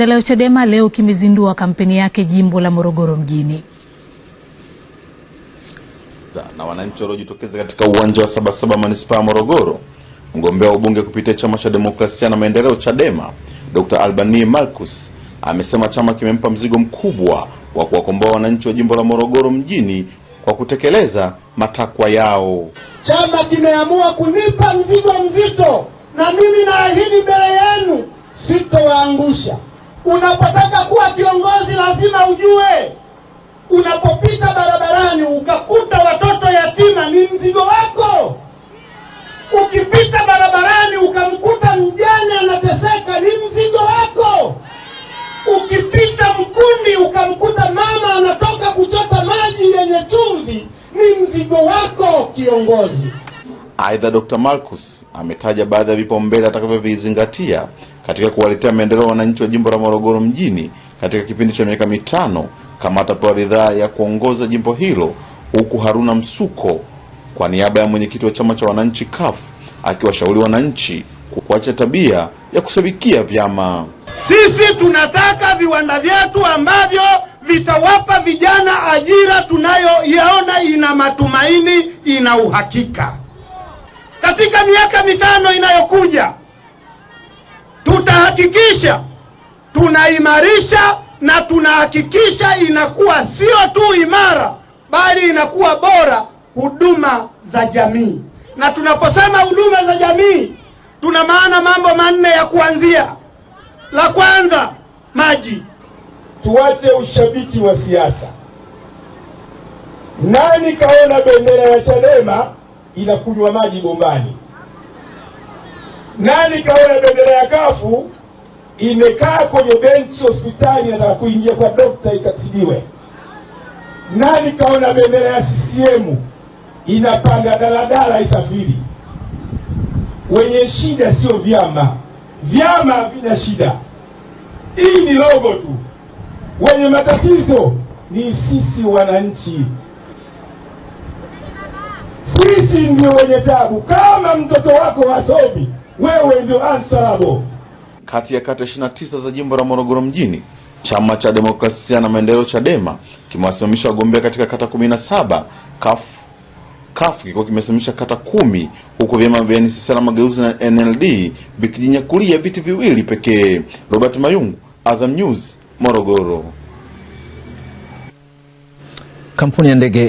maendeleo Chadema leo kimezindua kampeni yake jimbo la Morogoro mjini na wananchi waliojitokeza katika uwanja wa Sabasaba manispaa ya Morogoro. Mgombea wa ubunge kupitia chama cha demokrasia na maendeleo Chadema, Dr. albani Marcus amesema chama kimempa mzigo mkubwa wa kuwakomboa wananchi wa jimbo la Morogoro mjini kwa kutekeleza matakwa yao. Chama kimeamua kunipa mzigo mzito, na mimi naahidi mbele yenu sitowaangusha. Unapotaka kuwa kiongozi lazima ujue, unapopita barabarani ukakuta watoto yatima ni mzigo wako. Ukipita barabarani ukamkuta mjane anateseka ni mzigo wako. Ukipita Mkundi ukamkuta mama anatoka kuchota maji yenye chumvi ni mzigo wako, kiongozi. Aidha, Dr. Marcus ametaja baadhi ya vipaumbele atakavyovizingatia katika kuwaletea maendeleo wananchi wa jimbo la Morogoro mjini katika kipindi cha miaka mitano kama atapewa ridhaa ya kuongoza jimbo hilo, huku Haruna Msuko kwa niaba ya mwenyekiti wa chama cha wananchi CUF akiwashauri wananchi kuacha tabia ya kushabikia vyama. Sisi tunataka viwanda vyetu ambavyo vitawapa vijana ajira tunayoiona ina matumaini, ina uhakika katika miaka mitano inayokuja tutahakikisha tunaimarisha na tunahakikisha inakuwa sio tu imara bali inakuwa bora huduma za jamii. Na tunaposema huduma za jamii, tuna maana mambo manne ya kuanzia. La kwanza, maji. Tuache ushabiki wa siasa. Nani kaona bendera ya Chadema inakunywa maji bombani. Nani kaona bendera ya kafu imekaa kwenye benchi hospitali, na kuingia kwa dokta ikatibiwe? Nani kaona bendera ya CCM inapanga daladala isafiri? Wenye shida sio vyama, vyama vina shida, hii ni logo tu. Wenye matatizo ni sisi wananchi sisi ndio wenye tabu. Kama mtoto wako hasomi, wewe ndio answerable. Kati ya kata 29 za jimbo la Morogoro mjini, chama cha demokrasia na maendeleo Chadema kimewasimamisha wagombea katika kata 17. kaf kaf kilikuwa kimesimamisha kata kumi, huku vyama vya na Mageuzi na NLD vikijinyakulia viti viwili pekee. Robert Mayungu, Azam News, Morogoro. Kampuni ya ndege